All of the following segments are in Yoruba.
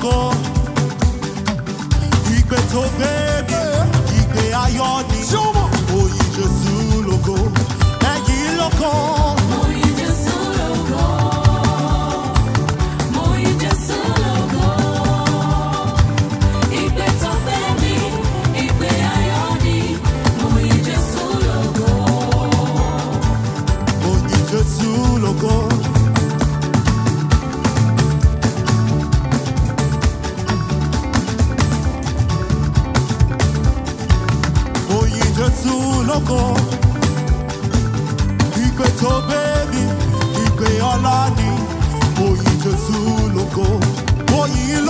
corazón. lọ́gàn. Ìgbé tó gbé mi, ìgbé ọlá ni, mo Jésù lógo, oyi yìn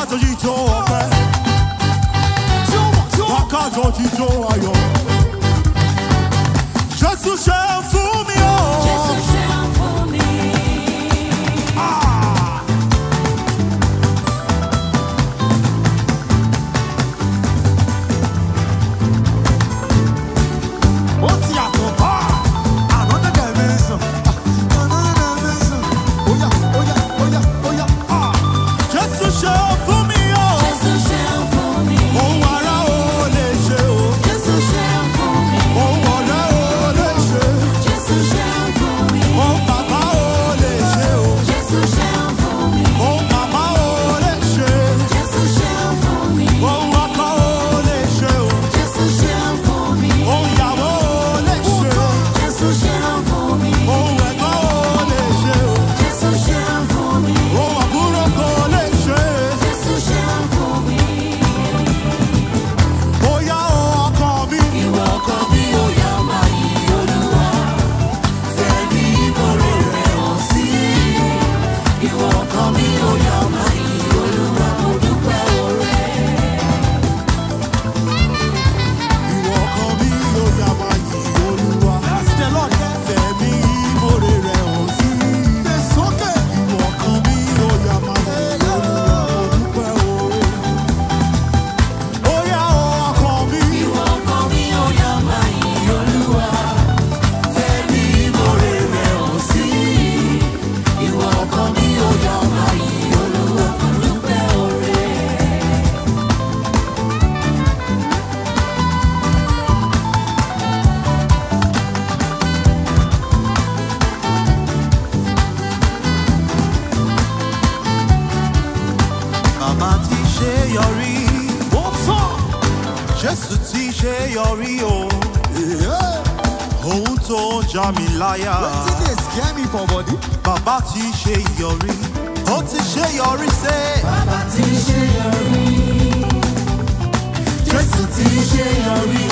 kato jicho ope Wakato jicho ayo Jesu shefu dán mi láyà. wetin dey scare me for body. bàbá ti ṣe yọrí ó ti ṣe yọrí ṣe. bàbá ti ṣe yọrí jésù ti ṣe yọrí.